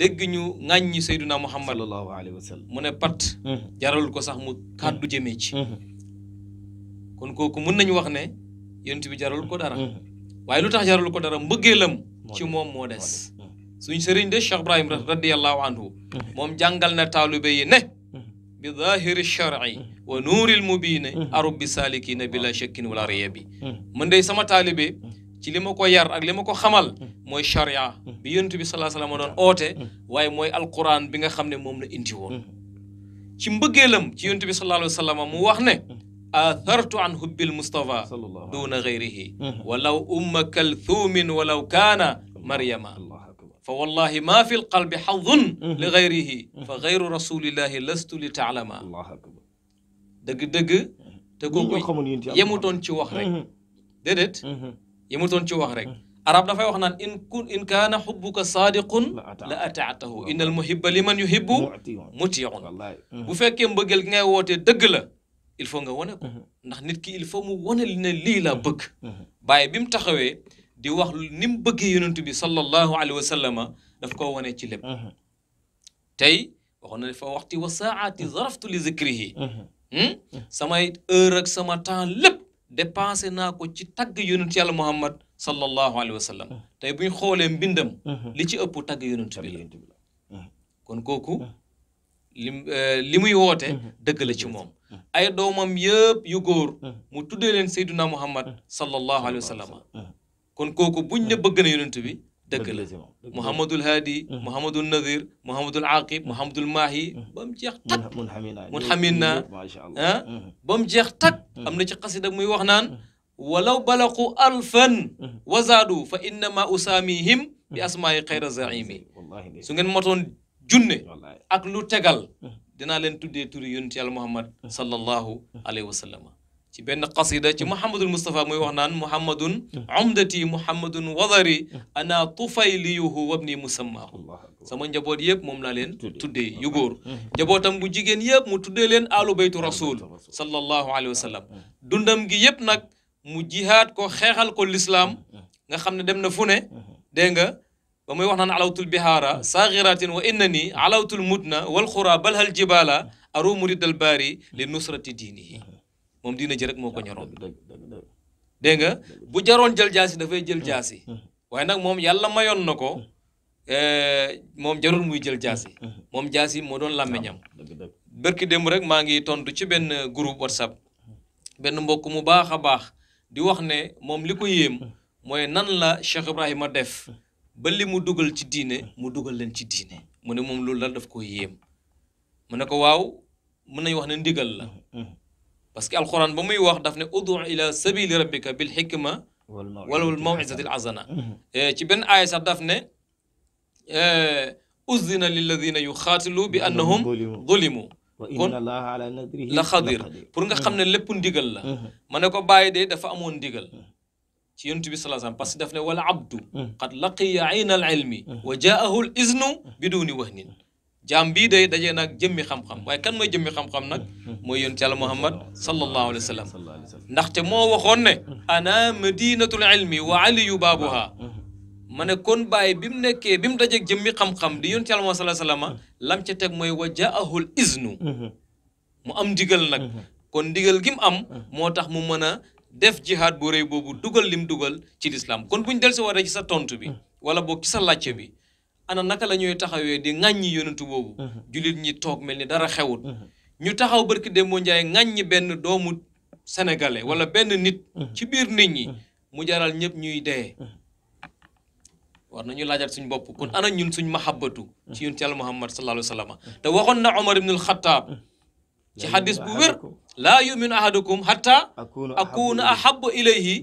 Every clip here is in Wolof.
dégg ñu ŋàññi Seyduna Muhammad sallallahu alayhi wa sallam mu ne pat mm-hmm. jaral ko sax mu kàddu jëmee ci mm-hmm. kon kooku mën nañu wax ne yonent bi jaral ko dara mm-hmm. waaye lu tax jaral ko dara mbëggeelam ci moom moo des suñ sëriñ de Cheikh brahim radiallahu anhu moom jàngal na taalibe yi ne bi zahiri shar'i wa nuuril mubiine arub bi salikina bila wala riya bi dey sama taalibe ci li ko yar ak li ko xamal moy sharia bi yonent bi sallallahu alayhi wasallam don oté waaye moy alquran bi nga xamné mom la inti won ci mbeugelam ci yonent bi sallallahu alayhi wasallam mu wax ne athartu an hubbil mustafa duna gayrihi walaw umma kalthuumin walaw kaana maryama فوالله ما في القلب حظ لغيره فغير رسول الله لست لتعلم الله اكبر دغ دغ degg يموتون شي واخ رك wax يموتون شو أخرك أراب دفعي وخنان إن, كن إن كان حبك صادق لا أتعته إن المحب لمن يحب متعون وفاك يمبغل نعي واتي دقل إلفو نغا وانا نخ نتكي إلفو مو وانا لنا ليلا بك باي بيم تخوي دي وخل نمبغي ينتبي صلى الله عليه وسلم دفكو وانا تلب تاي وخنا نفو وقتي وساعة ظرفت لذكره سما يتأرق سما تان لب dépensé naa ko ci tagg yonent yàlla muhammad sallallahu alayhi wa sallam tey buñ ñu xoolee mbindam li ci ëpp tagg yonent bi la kon kooku li euh, li muy woote dëgg la ci moom ay doomam yëpp yu góor mu tuddee leen sayduna muhammad sallallahu alayhi wa sallam kon kooku buñ ne bëgg na yonent bi dëgg la Mouhamadul Hadi Mouhamadul Nadir Mouhamadul Aqib Mouhamadul Mahi ba mu jeex tak mun xamin naa ah ba mu jeex tak am na ci xasida muy wax naan walaw balaqu alfan wazaadu fa innama usaamihim bi asmaayi xayra zaimi su ngeen motoon junne ak lu tegal dinaa leen tuddee turi yonent yàlla Muhammad sallallahu alayhi wa sallam ci benn qasida ci muhammadul mustafa muy wax naan muhammadun umdati muhammadun wadari ana tufayliyuhu wabni musammaahu sama njaboot yëpp moom laa leen tuddee yu góor njabootam bu jigéen yëpp mu tuddee leen alu baytu rasul sallallahu alayhi wa sallam dundam gi yëpp nag mu jihaad ko xeexal ko lislaam nga xam ne dem na fu ne dégg nga ba muy wax naan alawtul bihaara saagiratin wa innani alawtul mudna wal xura balhal jibaala arumu riddal baari li nusrati diinihi mom diina ji rek moko denga ñoroon de nga bu jaroon jël da fay jël hmm. jasi hmm. waye nag mom yalla mayon nako hmm. euh mom jarul muy jël jasi mom jasi mo doon làmmiñam barki dem rek ma ngi tontu ci ben groupe whatsapp ben mbokk mu baax a baax di wax ne mom liko yem moy nan la Cheikh Ibrahima def ba li mu dugal ci diine mu dugal len ci diine mune mom lool la daf ko yem mune ko waw mune wax ne ndigal la باسكو القران بومي واخ داف ني الى سبيل ربك بالحكمه والموعظه الحسنه تي بن ايه سات داف ني اذن للذين يخاتلوا بانهم ظلموا وان الله على نذره لخضر بورغا خامن لب نديغال لا مانيكو باي دي دافا امون ديغال تي يونت بي صلى الله عليه وسلم باسكو داف ني ولا عبد قد لقي عين العلم وجاءه الاذن بدون وهن jaam bii day dajee nag jëmmi xam-xam waaye kan mooy jëmmi xam-xam nag mooy yonent yàlla muhammad sallallahu alayhi wa sallam ndaxte moo waxoon ne ana madinatul ilmi wa aliyu baabuha ma ne kon bàyyi bi mu nekkee bi mu dajeeg jëmmi xam-xam di yonent yàlla muhammad sallallahu alayhi sallam lam ca teg mooy wa jaahul iznu mu am ndigal nag kon ndigal gi am moo tax mu mën a def jihaad bu rëy boobu dugal lim dugal ci lislaam kon buñ del si war ci sa tontu bi wala boog ci sa làcce bi ana naka la ñuy taxawee di ŋàññi yonentu boobu jullit ñi toog mel ni dara xewul ñu taxaw barki Demba Ndiaye ŋàññi benn doomu sénégalais wala benn nit ci biir nit ñi mu jaral ñépp ñuy dee war nañu laajal suñ bopp kon ana ñun suñ mahabbatu ci yonent yàlla muhammad sallallahu wa sallam te waxoon na omar ibnul xataab ci xadis bu wér laa yuminu ahadukum hatta akuna ahabba ilayhi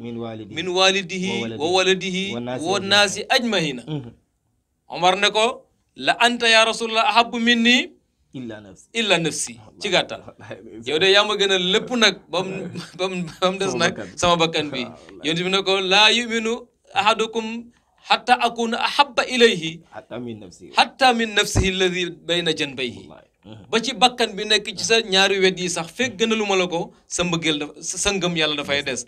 min walidihi wa waladihi wa naasi ajmahina Omar ne ko la anta ya rasulallah ahabbu minni illa nafsi ci gàttal yow de yaa ma gën a lépp nag bam bam ba mu des nag sama bakkan bi yonent bi ne ko laa yuminu ahadukum xatta akuna ahabba ilayhi xatta min nafsihi alladi bayna janbayhi ba ci bakkan bi nekk ci sa ñaari wet yi sax fekk gënaluma la ko sa mbëggeel dafa sa ngëm yàlla dafay des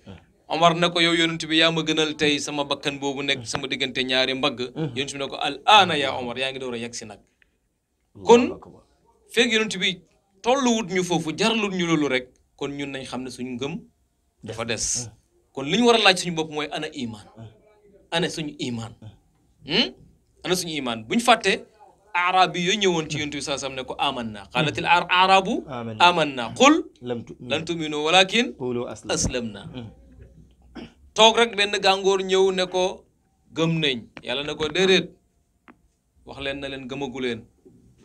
Omar na ko yow yonent bi ya ma gënal tay sama bakkan bobu nek sama digënté ñaari mbag yonent bi ne ko al ana ya Omar ya ngi doora yaksi nak kon feeg yonent bi tollu wut ñu fofu jarlu ñu lolu rek kon ñun nañ xamne suñu ngëm dafa dess kon liñ wara laaj suñu bop moy ana iman ana suñu iman hmm ana suñu iman buñ fàttee arabi yo ñewon ci yonent bi sa sam ne ko aman na qaalatil aaraabu qul lam tuminu walakin aslam na toog rek benn gàngoor ñëw ne ko gëm nañ yàlla ne ko déedéet wax leen na leen gëmagu leen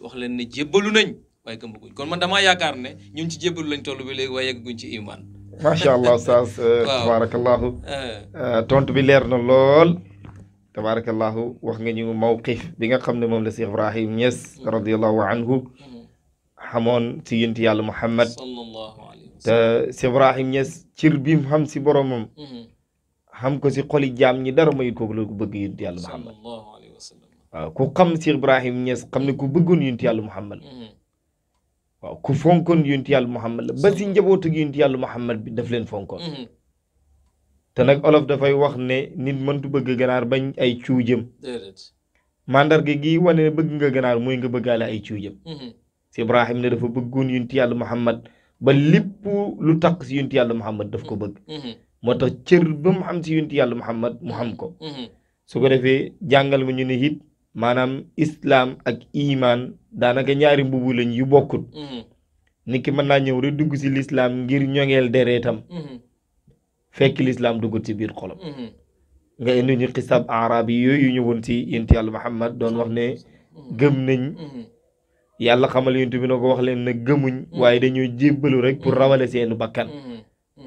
wax leen ne jébbalu nañ waaye gëmaguñ kon man damaa yaakaar ne ñun ci jébbalu lañ toll bi léegi waaye yegguñ ci iman macha allah oustaz euh, tabarakallahu euh. Euh, tontu bi leer na lool tabarakallahu wax nga ñu mawqif bi nga xam ne moom la si ibrahim ñes mm-hmm. radiallahu anhu mm-hmm. xamoon si yénti yàlla muhammad te si ibrahim ñes cir bi mu xam si boromam mm-hmm. xam ko si xoli jaam ñi dara mayut kooku ko ku bëgg yonent yàlla Muhammad waaw ku xam si Ibrahim Niass xam ne ku bëggoon yonent yàlla Muhammad mm-hmm. waaw ku fonkoon yonent yàlla Muhammad la ba si njabootu yonent yàlla Muhammad bi daf leen fonkoon mm-hmm. te nag olof dafay wax ne nit mëntu bëgg ganaar bañ ay cuujam mandarga gi wane ne bëgg nga ganaar mooy nga bëggaale ay cuujam si mm-hmm. Ibrahim ne dafa bëggoon yonent yàlla Muhammad ba lépp lu taq si yonent yàlla Muhammad daf ko bëgg moo tax cër ba mu xam si yonent yàlla Muhammad mu xam ko. Mm-hmm. su ko defee jàngal nga ñu ne it maanaam islaam ak iman daanaka ñaari mbubu lañ yu bokkut. Mm-hmm. nit ki mën naa ñëw rek dugg si lislaam ngir ñoŋeel dereetam. Mm-hmm. fekk lislaam duggut si biir xolam. nga indi ñu xisab arab yi yooyu ñëwoon si yonent yàlla Muhammad doon wax ne gëm nañ. yàlla xamal yonent bi na ko wax leen na gëmuñ. waaye dañuy jébbalu rek pour rawale seenu bakkan.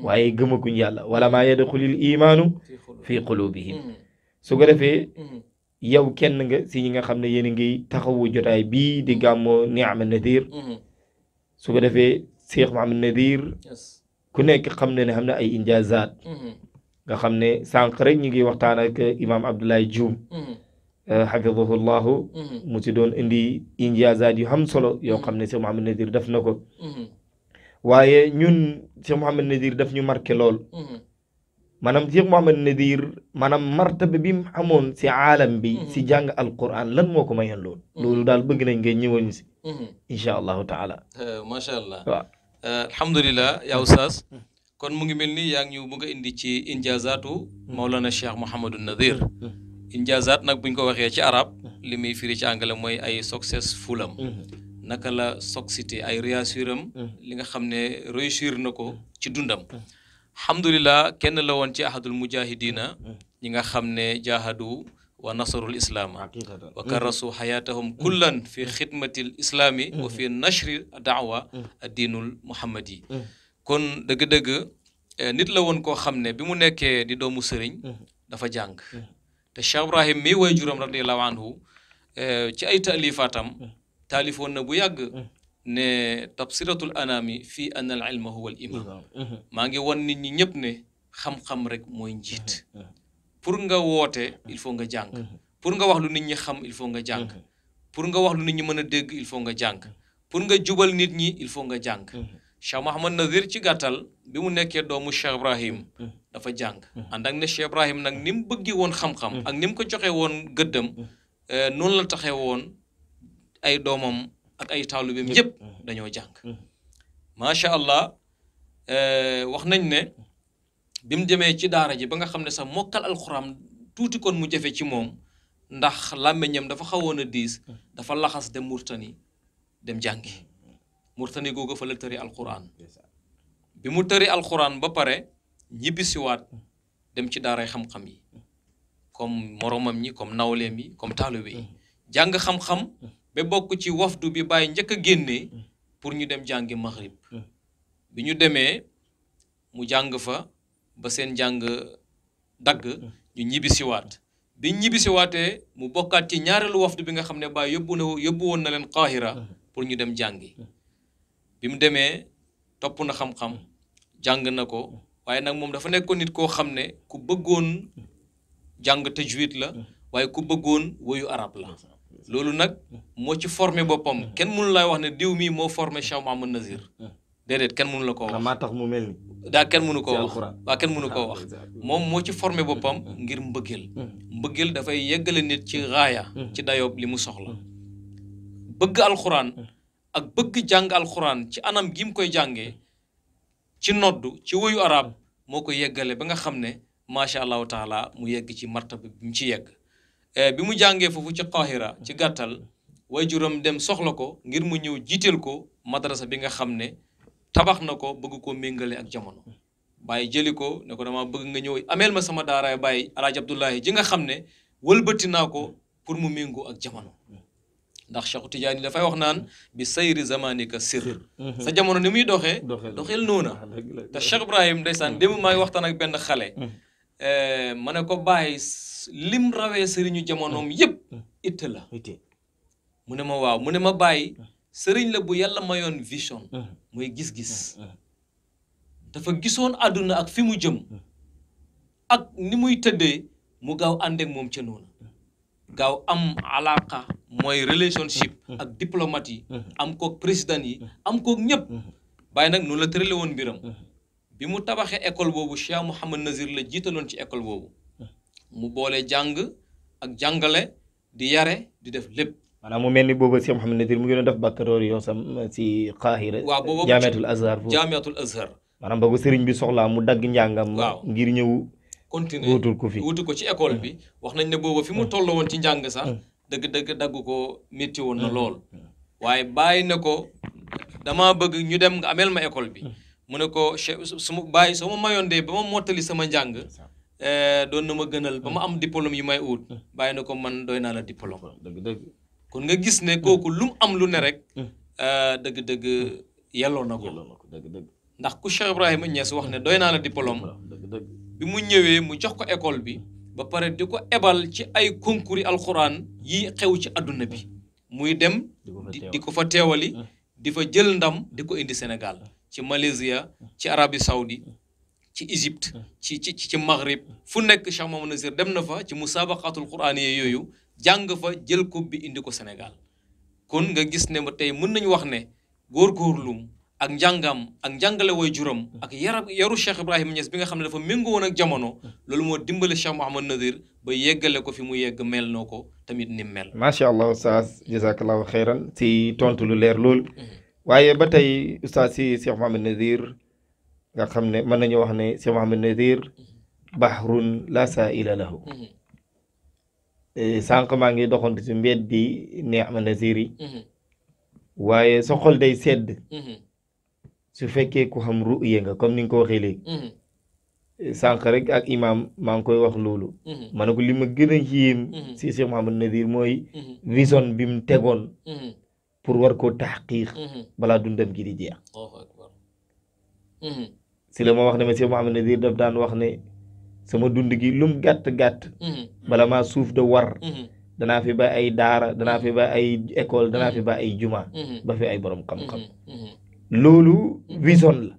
waaye gëmaguñ yàlla wala maa yadxulil imaanu fi qulubihim su ko defee yow kenn nga si ñi nga xam ne yéen a ngi taxawu jotaay bii di gàmmoo Niama Nadir su ko defee Cheikh Mohamed Nadir ku nekk xam ne ne xam ne ay injaazaat nga xam ne sànq rek ñu ngi waxtaan ak imaam Abdoulaye Dioum xafidahu llahu mu si doon indi injaazaat yu am solo yoo xam ne Cheikh Mohamed Nadir def na ko waaye ñun Cheikh Mouhamed Nazir def ñu marqué lool. Mhm. maanaam Cheikh Mouhamed Nazir maanaam martaba bi mu amoon si aalam bi. si mhm. jàng Alquran lan moo ko mayoon lool. Mhm. loolu daal bëgg nañ ngeen ñëwoon si. incha allahu taala. Eh, macha allah waaw. Eh, alhamdulilah yaa Oustaz. kon mu ngi mel ni yaa ngi ñu bëgg indi ci injaazaatu. Mawlana Cheikh Mouhamed Nazir. injaazaat nag buñ ko waxee ci arab li muy firi ci angale mooy ay success fulam naka la Sock City ay réussir am mm. li nga xam ne réussir na ko mm. ci dundam mm. alhamdulilah kenn la woon ci ahadul mujahidina ñi nga xam ne jaahadu wa nasarul islaam wa karasu xayaatahum kullan fi xidmatil islaami wa fi nashri daawa diinul muhammad kon dëgg-dëgg eh, nit la woon ko xam ne bi mu nekkee di doomu sëriñ dafa jàng te Cheikh Ibrahim mii way juram radiallahu anhu eh, ci ay taalifaatam taalifoon na bu yàgg mm. ne tabsiratul anami fii anna al ilma huwa al imam mm-hmm. maa ngi won nit ñi ñëpp ne xam-xam rek mooy njiit mm-hmm. Mm-hmm. pour nga woote il faut nga jàng pour nga wax lu nit ñi xam il faut nga jàng pour nga wax lu nit ñi mën a dégg il faut nga jàng pour nga jubal nit ñi il faut nga jàng Cheikh Mouhamad Nazir ci gàttal bi mu nekkee doomu Cheikh Ibrahim dafa jàng ànd ak ne Cheikh Ibrahim nag ni mu bëggee woon xam-xam ak ni mu ko joxee woon gëddam eh, noonu la taxee woon ay doomam ak ay taalibeem mm-hmm. yëpp dañoo jàng mm-hmm. macha allah eh, wax nañ ne bi mu demee ci daara ji ba nga xam ne sax mokkal alxuraan tuuti kon mu jafe ci moom ndax làmmiñam dafa xawoon a diis mm-hmm. dafa laxas dem murtani dem jàngi murtani googu fa la tëri alxuraan bi mu tëri alxuraan ba pare ñibbisiwaat dem ci daaray xam-xam yi comme moromam ñi comme nawleem yi comme taalibe yi jàng xam-xam ba bokk ci wafdu bi bàyyi njëkk a génnee mm. pour ñu dem jàngi maghrib mm. bi ñu demee mu jàng fa ba seen jàng dagg mm. ñu ñibbisiwaat bi ñibbisiwaatee mu bokkaat ci ñaareelu wafdu bi nga xam ne bàyyi yóbbu na woon na leen Qahira pour ñu dem jàngi bi mu demee topp na xam-xam jàng na ko waaye nag moom dafa nekkoon nit koo xam ne ku bëggoon jàng juite la waaye ku bëggoon woyu arab la loolu nag moo ci formé boppam kenn mënu lay wax ne diw mii moo formé Cheikh Mouhamed Nazir déedéet kenn mënu la koo wax maa tax mu mel daa kenn mënu koo wax waaw kenn mënu koo wax moom moo ci formé boppam ngir mbëggeel hmm. mbëggeel dafay yeggale nit ci raaya hmm. ci dayoob li mu soxla hmm. bëgg alxuraan ak bëgg jàng alxuraan ci anam gi mu koy jàngee ci noddu ci woyu arab moo ko yeggale ba nga xam ne macha allahu taala mu yegg ci martaba bi mu ci yegg Eh, bi mu jàngee foofu ci Qahira ci gàttal waajuram dem soxla ko ngir mu ñëw jiiteel ko madrasa bi nga xam ne tabax na ko bëgg koo méngale ak jamono bàyyi jëli ko ne ko dama bëgg nga ñëw ameel ma sama daaraay bàyyi alaaji Abdullahi ji nga xam ne wëlbati naa ko pour mu méngoo ak jamono ndax Cheikh Tidiane dafay wax naan bi sayri zamanika sir mhm. sa jamono ni muy doxee doxeel noona ah, te Cheikh Ibrahim ndeysaan démb maa ngi waxtaan ak benn xale mhm. eh, ma ne ko bàyyi lim rawee sëriñu jamonoom mm. yépp mm. itte la mu ne ma waaw mu ne ma bàyyi mm. sëriñ la bu yàlla mayoon vision mooy gis-gis dafa gisoon àdduna ak fi mu jëm ak ni muy tëddee mu gaaw àndeek moom ca noonu gaaw am alaaka mooy relationship ak diplomate yi am kook président yi am kook ñëpp bàyyi nag noonu la tërale woon mbiram bi mu tabaxee école boobu Cheikh Mouhamad Nazir la jiitaloon ci école boobu mu boole jàng ak jàngale di yare di def lépp. maanaam mu mel ni boobu Cheikh Mouhamed Nazir mu ngi doon def baccalauréat sam si Qahira. waaw boobu jaamiatul Azhar. jaamiatul Azhar. maanaam sëriñ bi soxlaa mu dagg njàngam. waaw ngir ñëw. continuer wutul ko fi wutu ko ci école bi. wax nañ ne boobu fi mu hmm. toll woon ci njàng sax. Hmm. dëgg dëgg dagg ko métti na hmm. lool. waaye bàyyi na ko damaa bëgg ñu dem nga ameel ma école bi. mu ne ko su ma bàyyi soo ma mayoon de ba ma mottali sama njàng. Eh, doon na ma gënal ba ma hmm. am diplôme yi may ut bàyyi na ko man doy naa la diplôme kon nga gis ne kooku lu mu am lu ne rek hmm. eh, dëgg-dëgg hmm. yelloo na ko ndax ku Cheikh Ibrahima si wax ne doy naa la diplôme bi mu ñëwee mu jox ko école bi ba pare di ko ebal ci ay concours yi alxuraan yi xew ci àdduna bi muy dem di ko fa teewali di fa jël ndam di ko indi senegal ci Malaysia ci Arabie Saoudi ci Égypte hmm. ci ci ci Maghrib fu nekk Cheikh Mamadou Nazir dem na fa ci musabaqatul quraaniyya yooyu jàng fa jël coupe bi indi ko senegal kon nga gis ne ma tey mën nañu wax ne góorgóorlum ak njàngam ak njàngale way juróom hmm. ak yarab yaru Cheikh Ibrahima Niass bi nga xam ne dafa méngoo woon ak jamono hmm. loolu moo dimbale Cheikh Mouhamadou Nazir ba yeggale ko fi mu yegg mel noo ko tamit ni mel. macha allah oustaz jazakallahu xeyran si tontu lu leer lool. waaye ba tey oustaz si Cheikh Mouhamadou Nazir nga xam ne mën nañu wax ne Cheikh Mouhamed Nazir bahrun la saila lahu mhm. e, sànq maa ngi doxantu ci mbedd bi neex ma Nazir yi mhm. waaye sa day sedd mhm. su fekkee ku xam ru'ye nga comme ni nga ko waxee léegi e, sànq rek ak imaam maa ngi koy wax loolu ma ne ko li ma gën a yéem si Cheikh Mouhamed Nazir mooy vision bi mu tegoon pour war koo taxqiq balaa dundam gi di jeex si la ma wax ne monsieur Mouhamed Nazir daf daan wax ne sama dund gi lum gàtt-gàtt mhm. bala maa suuf da war mhm. danaa fi ba ay daara danaa fi ba ay mhm. école danaa fi ba ay juma ba fi ay borom xam-xam loolu vision la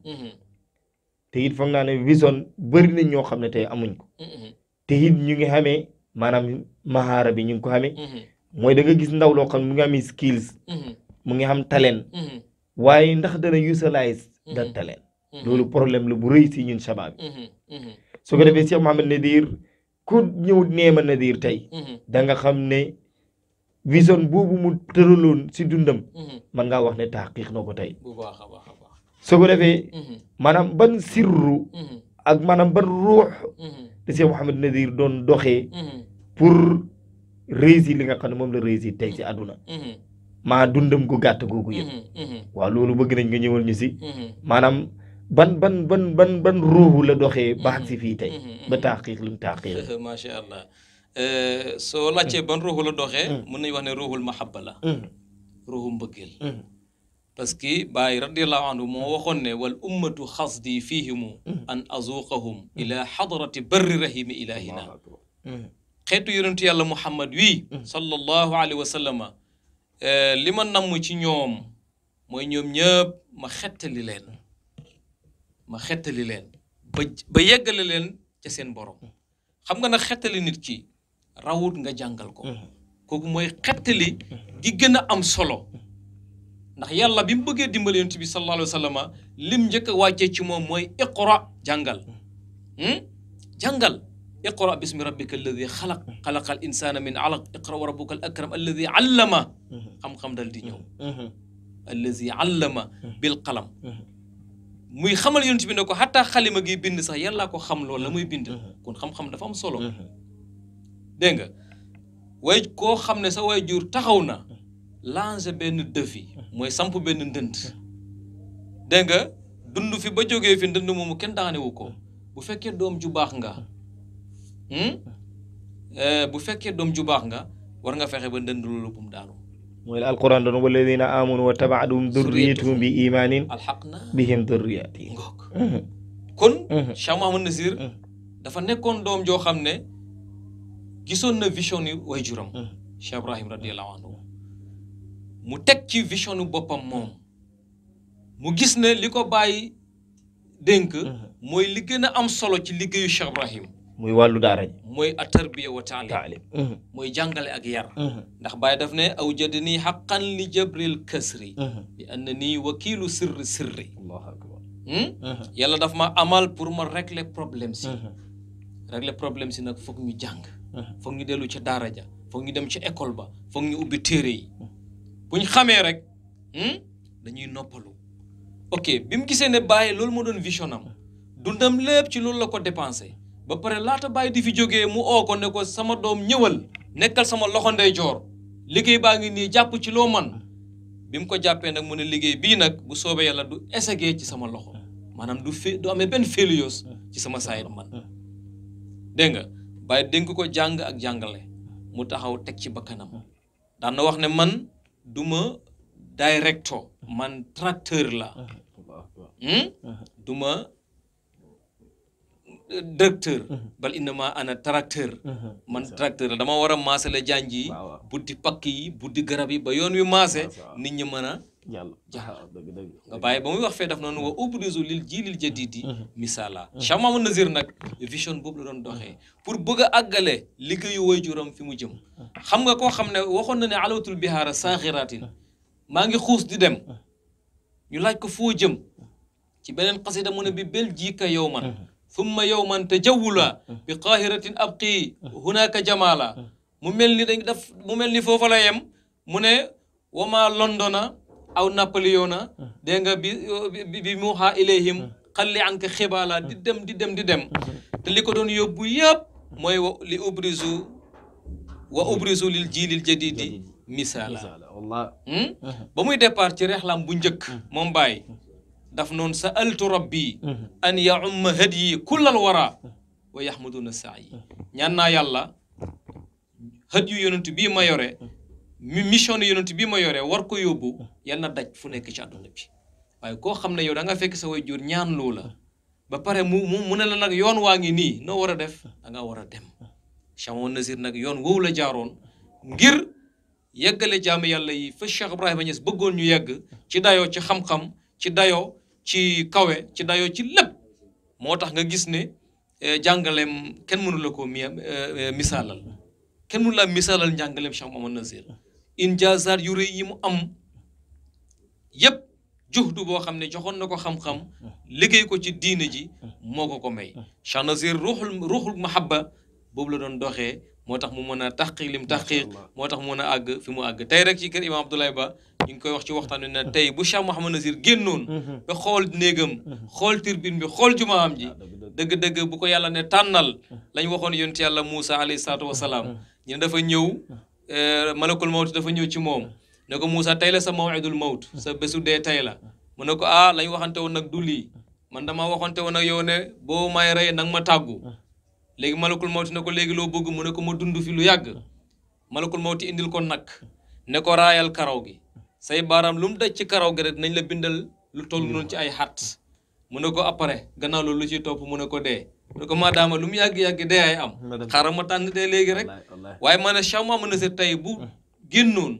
te it foog naa ne vision bëri nañ ñoo xam ne tey amuñ ko te it ñu ngi xamee maanaam mahaara bi ñu ngi ko xamee mooy da nga gis ndaw loo xam ne mu ngi amee skills mu ngi xam talent waaye ndax dana utiliser that talent Mm-hmm. loolu problème la bu rëy si ñun sabab bi mm-hmm. mm-hmm. su ko defee Cheikh Mouhamed Nadir ku ñëw neema Nadir tey da nga xam ne vision boobu mu tëraloon si dundam man ngaa wax ne taqiq na ko tey su ko defee maanaam ban sirru ak maanaam ban ruux da Cheikh Mouhamed Nadir doon doxee pour réussir li nga xam ne moom la réussir tey si àdduna ma dundam gu gàtt googu yëpp waaw loolu bëgg nañ nga ñëwal ñu si maanaam ban ban ban ban ban ruuhu la doxee ba si fii tey ba taaxiix lu mu taaxiix macha allah soo laajtee ban ruuhu la doxee mën nañu wax ne ruuhul mahabba la ruuhu mbëggeel parce que Baay radiallahu anhu moo waxoon ne wal ummatu xasdi fihimu an azuqahum ila xadarati barri rahimi ilahina xeetu yonentu yàlla muhammad wii sallallahu alayhi wa sallama li ma namm ci ñoom mooy ñoom ñëpp ma xettali leen ma xettali leen ba ba yeggale leen ca seen borom xam nga nag xettali nit ki rawut nga jàngal ko kooku mooy xettali gi gën a am solo ndax yàlla bi mu bëggee dimbali yonent bi sallallahu alayhi wa sallam lim njëkk a wàccee ci moom mooy iqra jàngal jàngal iqra bismi rabbika alladi xalaq xalaqal insana min alaq iqra wa rabbuka al akram alladi allama xam-xam dal di ñëw alladi allama bil qalam muy xamal yonent bi ne ko xataa xalima gi bind sax yàlla ko xam loolu la muy bind mm-hmm. kon xam-xam dafa am solo mm-hmm. dégg nga way koo xam ne sa jur taxaw na mm-hmm. lancer benn défi mooy samp benn ndënd dégg nga dund fi ba jógee fi ndënd moomu kenn daanewu ko bu fekkee doom ju baax nga hmm? eh, bu fekkee doom ju baax nga war nga fexe ba ndënd loolu bu mu daanu وإلى القرآن دون والذين آمنوا وتبعدهم ذريتهم بإيمان الحقنا بهم ذرياتي أمم. كن أمم. شامو من نزير أمم. دفا نيكون دوم جو خامني غيسون نا فيشون ويجورم شي ابراهيم رضي الله عنه مو تك في فيشون بوبام موم مو غيس ليكو باي دينك موي لي ام سولو تي ليغيو شيخ ابراهيم mooy wàllu daara mooy mooy atarbiya wa taalim mm-hmm. mooy jàngale ak yar mm-hmm. ndax Baye daf ne aw jëd nii xaqan li jabril kasri mm-hmm. li ann nii wakiilu sirri sirri hmm? yàlla daf ma amal pour ma régler problème si régler problème si nag foog ñu jàng foog ñu dellu ca daara ja foog ñu dem ci école ba foog ñu ubbi téere yi buñ xamee rek hmm? dañuy noppalu ok bi mu gisee ne Baye loolu moo doon vision am dundam lépp ci loolu la ko dépensé ba pare laata bàyyi di fi jógee mu oo ko ne ko sama doom ñëwal nekkal sama loxo ndeyjoor liggéey baa ngi nii jàpp ci loo man bi mu ko jàppee nag mu ne liggéey bii nag bu soobee yàlla du échec ci sama loxo maanaam du fe du amee benn failures ci sama saayit man dégg nga bàyyi dénk ko jàng ak jàngale mu taxaw teg ci bakkanam daan na wax ne man du ma directeur man tracteur la hmm? du directeur mhm. bal innama ana tracteur mhm. man tracteur la dama war a maase la janj yi buddi pakk yi buddi garab yi ba yoon wi maase nit ñi mën a jàll dëgg dëgg nga bàyyi ba muy wax fee daf noonu wa ubrisu lil jiilil jadid yi mhm. misaala Cheikh Mamadou Nazir nag vision boobu la doon doxee pour bëgg a àggale liggéeyu waajuram fi mu jëm xam nga koo xam ne waxoon na ne alawatul bihaara saaxiraatin maa ngi xuus di dem ñu laaj ko foo jëm ci beneen xasida mu ne bi bel jiika yow man ثم يوما تجولا اه، اه. بقاهرة أبقي اه. هناك جمالا مملني من وما لندن أو نابليون دينغا بموها إليهم قلي عنك خبالا ديدم ديدم ديدم تلي كدون يوبو ياب موي لأبرزو وأبرزو للجيل الجديد مثالا والله بموي ديبار تي رحلام مومباي daf noonu sa altu rabbi mhm. an yaumma hadyi kullal wara wa doon saa yi ñaan naa yàlla hëd yu yonent bii ma yore mi mission yonent bii ma yore war ko yóbbu yal daj fu nekk ci àdduna bi waaye koo xam ne yow da nga fekk sa way jur ñaan loo la ba pare mu mu mu ne la nag yoon waa ngi nii noo war a def da nga war a dem Chamoun Nasir nag yoon wow la jaaroon ngir yeggale jaami yàlla yi fa Cheikh Ibrahima Niass bëggoon ñu yegg ci dayoo ci xam-xam ci dayoo ci kawe ci dayo ci lépp moo tax nga gis ne eh, jàngaleem kenn mënu la koo mi eh, eh, misaalal kenn mënu la misaalal njàngaleem Cheikh Mouhamadou Nazir injaazaat yu rëy yi mu am yëpp juhdu boo xam ne joxoon na ko xam-xam liggéey ko ci diine ji moo ko ko may Cheikh Nazir ruuxul ruuxul mahabba boobu la doon doxee moo tax mu mën a taxqiq lim taxqiq moo tax mu mën a àgg fi mu àgg tey rek ci kër imam Abdoulaye Ba ñu ngi koy wax ci waxtaan wi ne tey bu Cheikh Mouhamad Nazir génnoon mhm. ba xool néegam xool turbine bi xool jumaam ji dëgg-dëgg bu ko yàlla ne tànnal lañ waxoon yoon yonent yàlla Moussa alayhi salaatu wasalaam mhm. ñu ne dafa ñëw mhm. eh, malakul mawt dafa ñëw ci moom ne ko tey la sa mawidul mawt sa bésu dee tey la mu ne ko ah lañ waxante woon nag du lii man dama waxante woon ak yow ne boo may rey nang ma tàggu léegi malakul mawti ne ko léegi loo bëgg mu ne ko ma dund fi lu yàgg malakul mawti indil ko nag ne ko raayal karaw gi say baaraam lu mu daj ci karaw gi rek nañ la bindal lu toll noonu ci ay xat mu ne ko après gannaaw loolu lu ciy topp mu ne ko dee mu ne ko maadaama lu mu yàgg-yàgg dee ay am xaaral ma tàng dee léegi rek waaye maanaam chaque mois mën na sa tey bu génnoon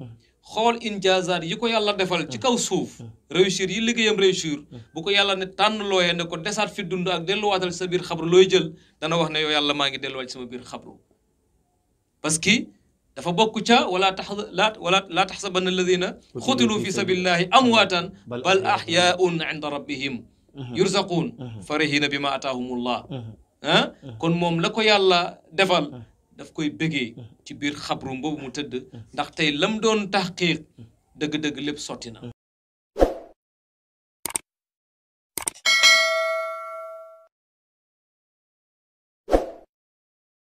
xool injaazaat yi ko yàlla defal ci kaw suuf réussir yi liggéeyam réussir bu ko yàlla ne tànn looyee ne ko desaat fi dund ak delluwaatal sa biir xabru looy jël dana wax ne yow yàlla maa ngi delluwaat ci sama biir xabru parce que dafa bokk ca wala tax la wala laa taxsabanna alladina xutilu fi sabilillahi amwaatan bal ahyaun inda rabbihim yurzaquun farihina bi ma ataahumullah ah kon moom la ko yàlla defal daf koy bëggee hmm. ci biir xabru boobu mu tëdd hmm. ndax tey lam doon taxqiiq dëgg-dëgg lépp sotti na